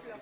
Voici.